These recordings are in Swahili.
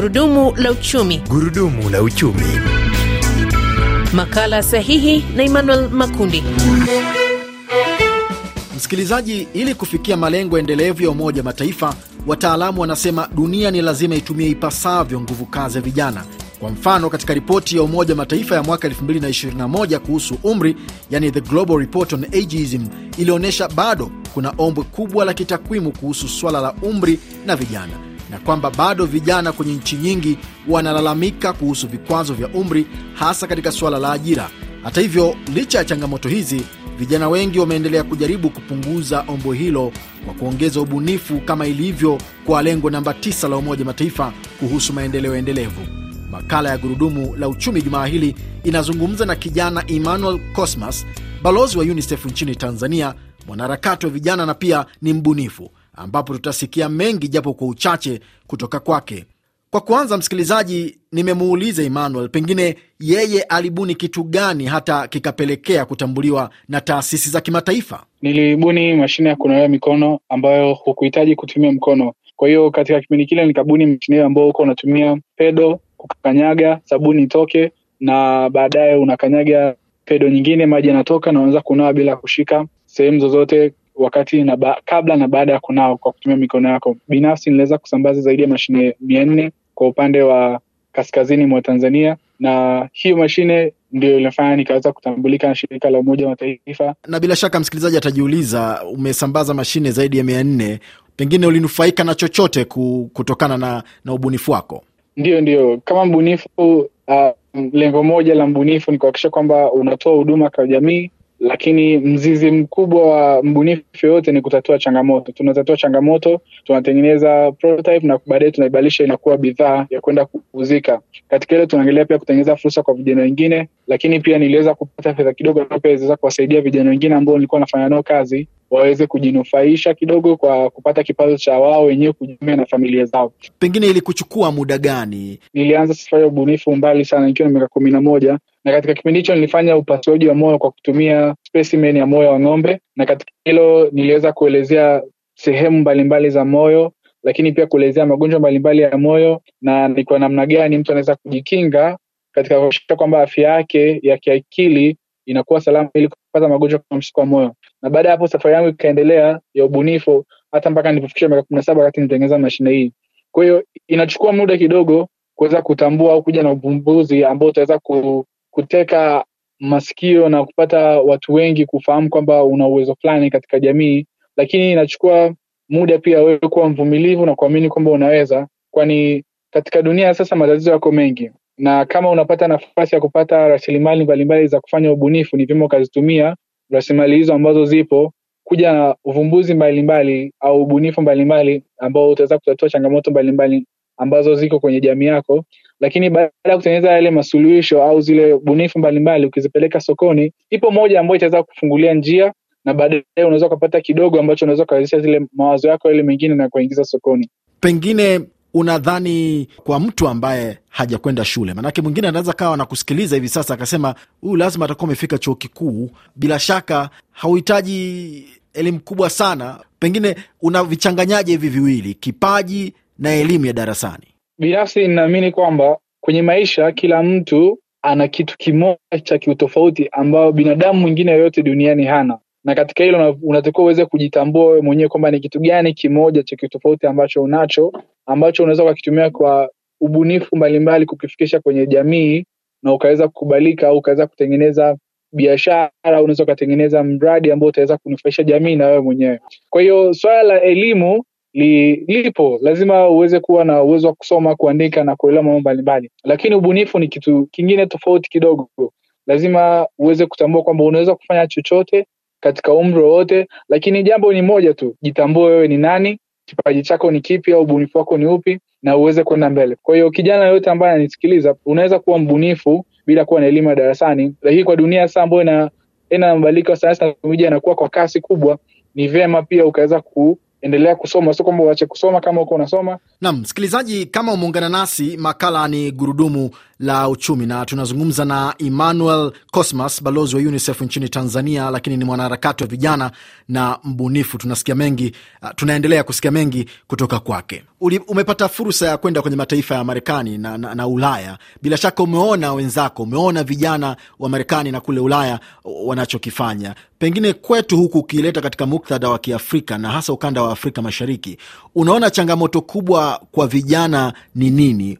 Gurudumu la uchumi. Gurudumu la uchumi. Makala sahihi na Emmanuel Makundi. Msikilizaji, ili kufikia malengo endelevu ya Umoja Mataifa, wataalamu wanasema dunia ni lazima itumie ipasavyo nguvu kazi ya vijana. Kwa mfano, katika ripoti ya Umoja Mataifa ya mwaka 2021 kuhusu umri, yani the Global Report on agism ilionyesha bado kuna ombwe kubwa la kitakwimu kuhusu swala la umri na vijana na kwamba bado vijana kwenye nchi nyingi wanalalamika kuhusu vikwazo vya umri, hasa katika suala la ajira. Hata hivyo, licha ya changamoto hizi, vijana wengi wameendelea kujaribu kupunguza ombo hilo kwa kuongeza ubunifu, kama ilivyo kwa lengo namba 9 la Umoja Mataifa kuhusu maendeleo endelevu. Makala ya Gurudumu la Uchumi jumaa hili inazungumza na kijana Emmanuel Cosmas, balozi wa UNICEF nchini Tanzania, mwanaharakati wa vijana na pia ni mbunifu ambapo tutasikia mengi japo kwa uchache kutoka kwake. Kwa kwanza msikilizaji, nimemuuliza Emmanuel pengine yeye alibuni kitu gani hata kikapelekea kutambuliwa na taasisi za kimataifa. Nilibuni mashine ya kunawia mikono ambayo hukuhitaji kutumia mkono. Kwa hiyo katika kipindi kile nikabuni mashine hiyo ambao uko unatumia pedo kukanyaga sabuni itoke, na baadaye unakanyaga pedo nyingine, maji yanatoka na unaweza kunawa bila kushika sehemu zozote wakati na ba, kabla na baada ya kunawa kwa kutumia mikono yako. Binafsi niliweza kusambaza zaidi ya mashine mia nne kwa upande wa kaskazini mwa Tanzania, na hiyo mashine ndio ilifanya nikaweza kutambulika na shirika la Umoja Mataifa. Na bila shaka msikilizaji atajiuliza, umesambaza mashine zaidi ya mia nne, pengine ulinufaika na chochote kutokana na, na ubunifu wako? ndio ndio kama mbunifu uh, lengo moja la mbunifu ni kuhakikisha kwamba unatoa huduma kwa jamii lakini mzizi mkubwa wa mbunifu yoyote ni kutatua changamoto. Tunatatua changamoto, tunatengeneza prototype na baadaye tunaibadilisha inakuwa bidhaa ya kwenda kuuzika. Katika hilo tunaangalia pia kutengeneza fursa kwa vijana wengine, lakini pia niliweza kupata fedha kidogo ambayo pia iliweza kuwasaidia vijana wengine ambao nilikuwa nafanya nao kazi waweze kujinufaisha kidogo kwa kupata kipato cha wao wenyewe kujumia na familia zao. Pengine ilikuchukua muda gani? Nilianza safari ya ubunifu mbali sana nikiwa na miaka kumi na moja na katika kipindi hicho nilifanya upasuaji wa moyo kwa kutumia specimen ya moyo wa ng'ombe, na katika hilo niliweza kuelezea sehemu mbalimbali za moyo, lakini pia kuelezea magonjwa mbalimbali ya moyo na ni kwa namna gani mtu anaweza kujikinga katika kuhakikisha kwamba afya yake ya kiakili inakuwa salama ili kupata magonjwa kama mshtuko wa moyo. Na baada ya hapo safari yangu ikaendelea ya ubunifu hata mpaka nilipofikisha miaka kumi na saba wakati nitengeneza mashine hii. Kwa hiyo inachukua muda kidogo kuweza kutambua au kuja na uvumbuzi ambao utaweza kuteka masikio na kupata watu wengi kufahamu kwamba una uwezo fulani katika jamii, lakini inachukua muda pia wewe kuwa mvumilivu na kuamini kwamba unaweza, kwani katika dunia ya sasa matatizo yako mengi, na kama unapata nafasi ya kupata rasilimali mbalimbali za kufanya ubunifu, ni vyema ukazitumia rasilimali hizo ambazo zipo kuja na uvumbuzi mbalimbali au ubunifu mbalimbali ambao utaweza kutatua changamoto mbalimbali ambazo ziko kwenye jamii yako lakini baada ya kutengeneza yale masuluhisho au zile bunifu mbalimbali, ukizipeleka sokoni, ipo moja ambayo itaweza kufungulia njia na baadaye unaweza ukapata kidogo ambacho unaweza ukawezesha zile mawazo yako yale mengine na kuingiza sokoni. Pengine unadhani kwa mtu ambaye hajakwenda shule, maanake mwingine anaweza kawa na kusikiliza hivi sasa akasema, huyu lazima atakuwa amefika chuo kikuu. Bila shaka hauhitaji elimu kubwa sana. Pengine unavichanganyaje hivi viwili, kipaji na elimu ya darasani? Binafsi ninaamini kwamba kwenye maisha kila mtu ana kitu kimoja cha kiutofauti ambayo binadamu mwingine yoyote duniani hana, na katika hilo unatakiwa uweze kujitambua wewe mwenyewe kwamba ni kitu gani kimoja cha kiutofauti ambacho unacho ambacho unaweza ukakitumia kwa ubunifu mbalimbali kukifikisha kwenye jamii na ukaweza kukubalika au ukaweza kutengeneza biashara, unaweza ukatengeneza mradi ambao utaweza kunufaisha jamii na wewe mwenyewe. Kwa hiyo swala la elimu li, lipo. Lazima uweze kuwa na uwezo wa kusoma, kuandika na kuelewa mambo mbalimbali, lakini ubunifu ni kitu kingine tofauti kidogo. Lazima uweze kutambua kwamba unaweza kufanya chochote katika umri wowote, lakini jambo ni moja tu, jitambue wewe ni nani, kipaji chako ni kipi au ubunifu wako ni upi, na uweze kwenda mbele. Kwa hiyo kijana yoyote ambaye ananisikiliza, unaweza kuwa mbunifu bila kuwa na elimu ya darasani, lakini kwa dunia sasa ambayo ina mabadiliko ya sayansi na teknolojia inakuwa kwa kasi kubwa, ni vyema pia ukaweza ku endelea kusoma, sio kwamba uache kusoma kama uko unasoma. Naam msikilizaji, kama umeungana nasi, makala ni Gurudumu la uchumi, na tunazungumza na Emmanuel Cosmas, balozi wa UNICEF nchini Tanzania, lakini ni mwanaharakati wa vijana na mbunifu. Tunasikia mengi, uh, tunaendelea kusikia mengi kutoka kwake. Umepata fursa ya kwenda kwenye mataifa ya Marekani na, na, na Ulaya, bila shaka umeona wenzako, umeona vijana wa Marekani na kule Ulaya wanachokifanya. Pengine kwetu huku ukileta katika muktadha wa Kiafrika na hasa ukanda wa Afrika Mashariki, unaona changamoto kubwa kwa vijana ni nini?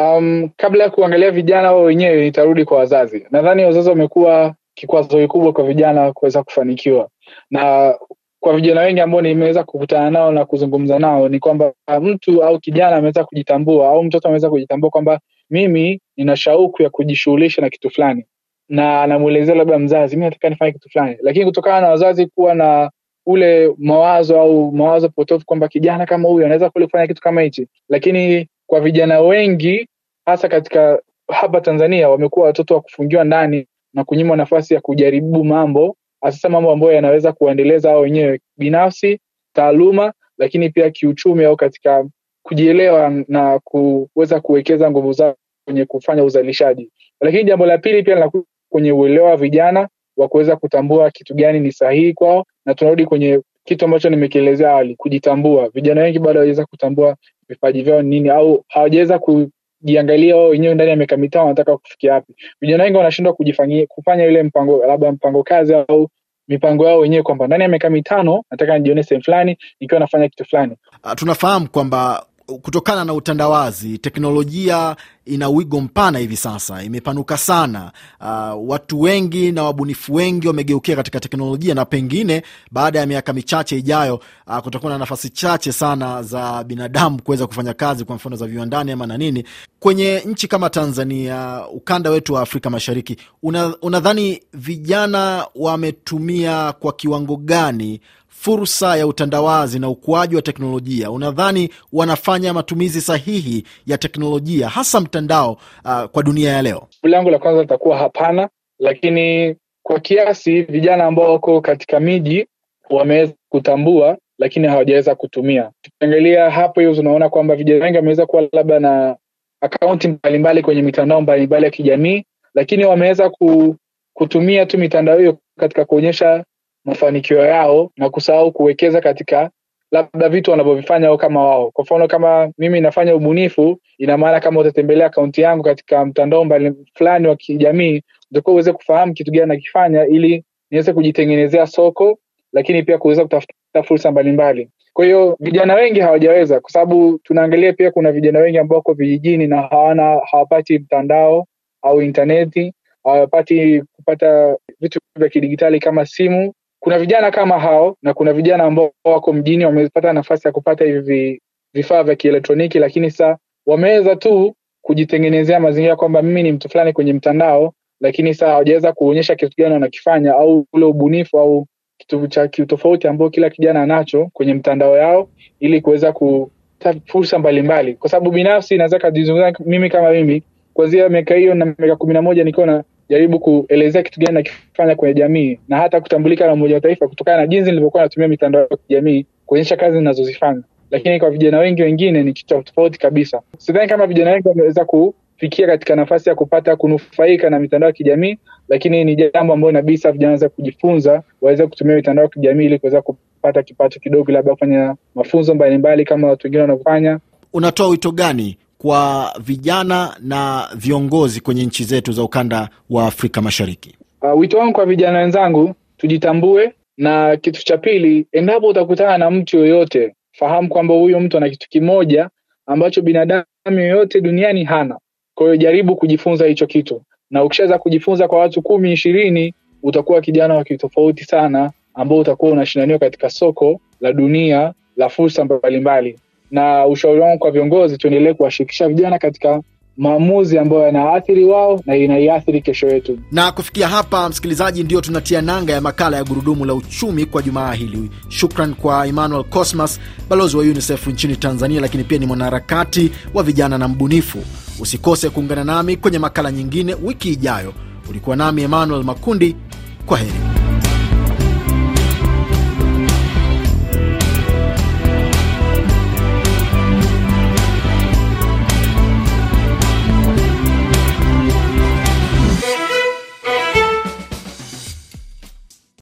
Um, kabla ya kuangalia vijana wao wenyewe, nitarudi kwa wazazi. Nadhani wazazi wamekuwa kikwazo kikubwa kwa vijana kuweza kufanikiwa, na kwa vijana wengi ambao nimeweza kukutana nao na kuzungumza nao ni kwamba mtu au kijana ameweza kujitambua au mtoto ameweza kujitambua kwamba mimi nina shauku ya kujishughulisha na kitu fulani, na anamwelezea labda mzazi, mimi nataka nifanye kitu fulani, lakini kutokana na wazazi kuwa na ule mawazo au mawazo potofu kwamba kijana kama huyu anaweza kule kufanya kitu kama hichi, lakini kwa vijana wengi hasa katika hapa Tanzania wamekuwa watoto wa kufungiwa ndani na kunyimwa nafasi ya kujaribu mambo, hasa mambo ambayo yanaweza kuwaendeleza wao wenyewe binafsi, taaluma, lakini pia kiuchumi au katika kujielewa na kuweza kuwekeza nguvu zao kwenye kufanya uzalishaji. Lakini jambo la pili pia linakuja kwenye uelewa wa vijana wa kuweza kutambua kitu gani ni sahihi kwao, na tunarudi kwenye kitu ambacho nimekielezea awali, kujitambua. Vijana wengi bado hawajaweza kutambua vipaji vyao ni nini, au hawajaweza kujiangalia wao wenyewe ndani ya miaka mitano wanataka kufikia wapi. Vijana wengi wanashindwa kujifanyia kufanya ile mpango, labda mpango kazi au mipango yao wenyewe kwamba ndani ya miaka mitano nataka nijione sehemu fulani nikiwa nafanya kitu fulani. Ah, tunafahamu kwamba kutokana na utandawazi, teknolojia ina wigo mpana hivi sasa, imepanuka sana. Uh, watu wengi na wabunifu wengi wamegeukia katika teknolojia, na pengine baada ya miaka michache ijayo, uh, kutakuwa na nafasi chache sana za binadamu kuweza kufanya kazi, kwa mfano za viwandani ama na nini. Kwenye nchi kama Tanzania, ukanda wetu wa Afrika Mashariki, unadhani una vijana wametumia kwa kiwango gani fursa ya utandawazi na ukuaji wa teknolojia? Unadhani wanafanya matumizi sahihi ya teknolojia hasa mtandao uh, kwa dunia ya leo? Jibu langu la kwanza litakuwa hapana, lakini kwa kiasi vijana ambao wako katika miji wameweza kutambua lakini hawajaweza kutumia. Tukiangalia hapo hiyo, unaona kwamba vijana wengi wameweza kuwa labda na akaunti mbalimbali kwenye mitandao mbalimbali ya kijamii, lakini wameweza ku, kutumia tu mitandao hiyo katika kuonyesha mafanikio yao na kusahau kuwekeza katika labda vitu wanavyovifanya wao kama wao. Kwa mfano, kama mimi nafanya ubunifu, ina maana kama utatembelea akaunti yangu katika mtandao mbali fulani wa kijamii, utakuwa uweze kufahamu kitu gani nakifanya, ili niweze kujitengenezea soko, lakini pia kuweza kutafuta fursa mbalimbali. Kwa hiyo vijana wengi hawajaweza, kwa sababu tunaangalia pia kuna vijana wengi ambao wako vijijini na hawana hawapati mtandao au intaneti, hawapati kupata vitu vya kidigitali kama simu kuna vijana kama hao na kuna vijana ambao wako mjini wamepata nafasi ya kupata hivi vifaa vya kielektroniki, lakini sa wameweza tu kujitengenezea mazingira kwamba mimi ni mtu fulani kwenye mtandao, lakini saa hawajaweza kuonyesha kitu gani wanakifanya au ule ubunifu au kitu cha kiutofauti ambao kila kijana anacho kwenye mtandao yao ili kuweza kuta fursa mbalimbali, kwa sababu binafsi naweza kajizungumza mimi kama mimi, kwanzia miaka hiyo na miaka kumi na moja nikiwa na kujaribu kuelezea kitu gani nakifanya kwenye jamii na hata kutambulika na Umoja wa Mataifa kutokana na jinsi nilivyokuwa natumia mitandao ya kijamii kuonyesha kazi nazozifanya Lakini kwa vijana wengi wengine ni kitu tofauti kabisa. Sidhani kama vijana wengi wameweza kufikia katika nafasi ya kupata kunufaika na mitandao ya kijamii, lakini ni jambo ambayo inabidi vijana weza kujifunza, waweze kutumia mitandao ya kijamii ili kuweza kupata kipato kidogo, labda kufanya mafunzo mbalimbali kama watu wengine wanavyofanya. Unatoa wito gani kwa vijana na viongozi kwenye nchi zetu za ukanda wa Afrika Mashariki? Uh, wito wangu kwa vijana wenzangu, tujitambue, na kitu cha pili, endapo utakutana na mtu yoyote, fahamu kwamba huyo mtu ana kitu kimoja ambacho binadamu yoyote duniani hana. Kwa hiyo jaribu kujifunza hicho kitu, na ukishaweza kujifunza kwa watu kumi ishirini, utakuwa kijana wa kitofauti sana ambao utakuwa unashindaniwa katika soko la dunia la fursa mbalimbali na ushauri wangu kwa viongozi, tuendelee kuwashirikisha vijana katika maamuzi ambayo yanaathiri wao na inaiathiri kesho yetu. Na kufikia hapa, msikilizaji, ndio tunatia nanga ya makala ya Gurudumu la Uchumi kwa jumaa hili. Shukran kwa Emmanuel Cosmas, balozi wa UNICEF nchini Tanzania, lakini pia ni mwanaharakati wa vijana na mbunifu. Usikose kuungana nami kwenye makala nyingine wiki ijayo. Ulikuwa nami Emmanuel Makundi, kwa heri.